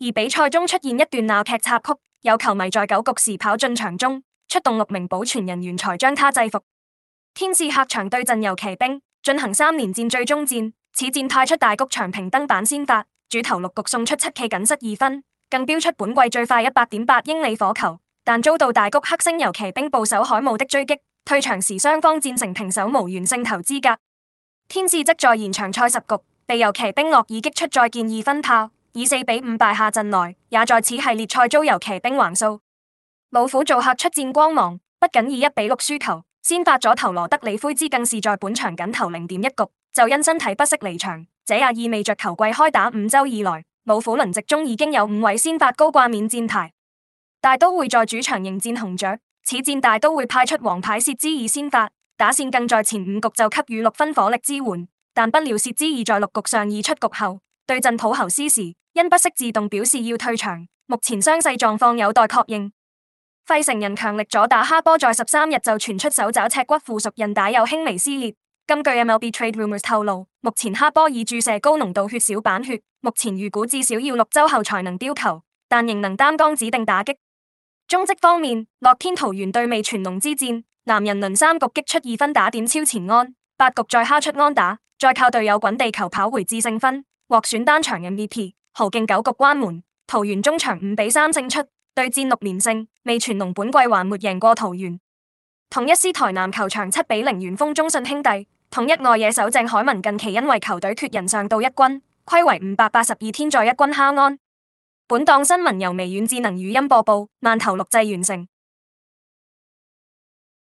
而比賽中出現一段鬧劇插曲，有球迷在九局時跑進場中，出動六名保全人員才將他制服。天使客場對陣遊騎兵進行三連戰最終戰，此戰派出大谷翔平登板先發，主投六局送出七 K 僅失二分，更飆出本季最快一百點八英里火球，但遭到大谷黑星遊騎兵捕手海姆的追擊，退場時雙方戰成平手，無緣勝投資格。天使則在延長賽十局被遊騎兵惡意擊出再見二分炮。以四比五敗下陣來，也在此系列賽遭遊騎兵橫掃。老虎做客出戰光芒，不僅以一比六輸球，先發左投羅德里奎茲更是在本場僅投零點一局就因身體不適離場。這也意味着球季開打五周以來，老虎輪值中已經有五位先發高掛免戰牌。大都會在主場迎戰紅雀，此戰大都會派出王牌薛之二先發，打線更在前五局就給予六分火力支援，但不料薛之二在六局上二出局後。對陣土侯斯時，因不適自動表示要退場，目前傷勢狀況有待確認。費城人強力左打哈波在十三日就傳出手肘尺骨附屬韌帶有輕微撕裂，根據 MLB Trade Rumors 透露，目前哈波已注射高濃度血小板血，目前預估至少要六周後才能丟球，但仍能擔當指定打擊。中職方面，樂天桃園對味全龍之戰，男人輪三局擊出二分打點超前安，八局再敲出安打，再靠隊友滾地球跑回致勝分。獲選單場 MVP，豪勁九局關門，桃園中場五比三勝出，對戰六連勝，味全龍本季還沒贏過桃園。統一獅台南球場七比零完封中信兄弟，統一外野守正海文近期因為球隊缺人上到一軍，虧為五百八十二天在一軍敲安。本檔新聞由微軟智能語音播報，慢頭錄製完成。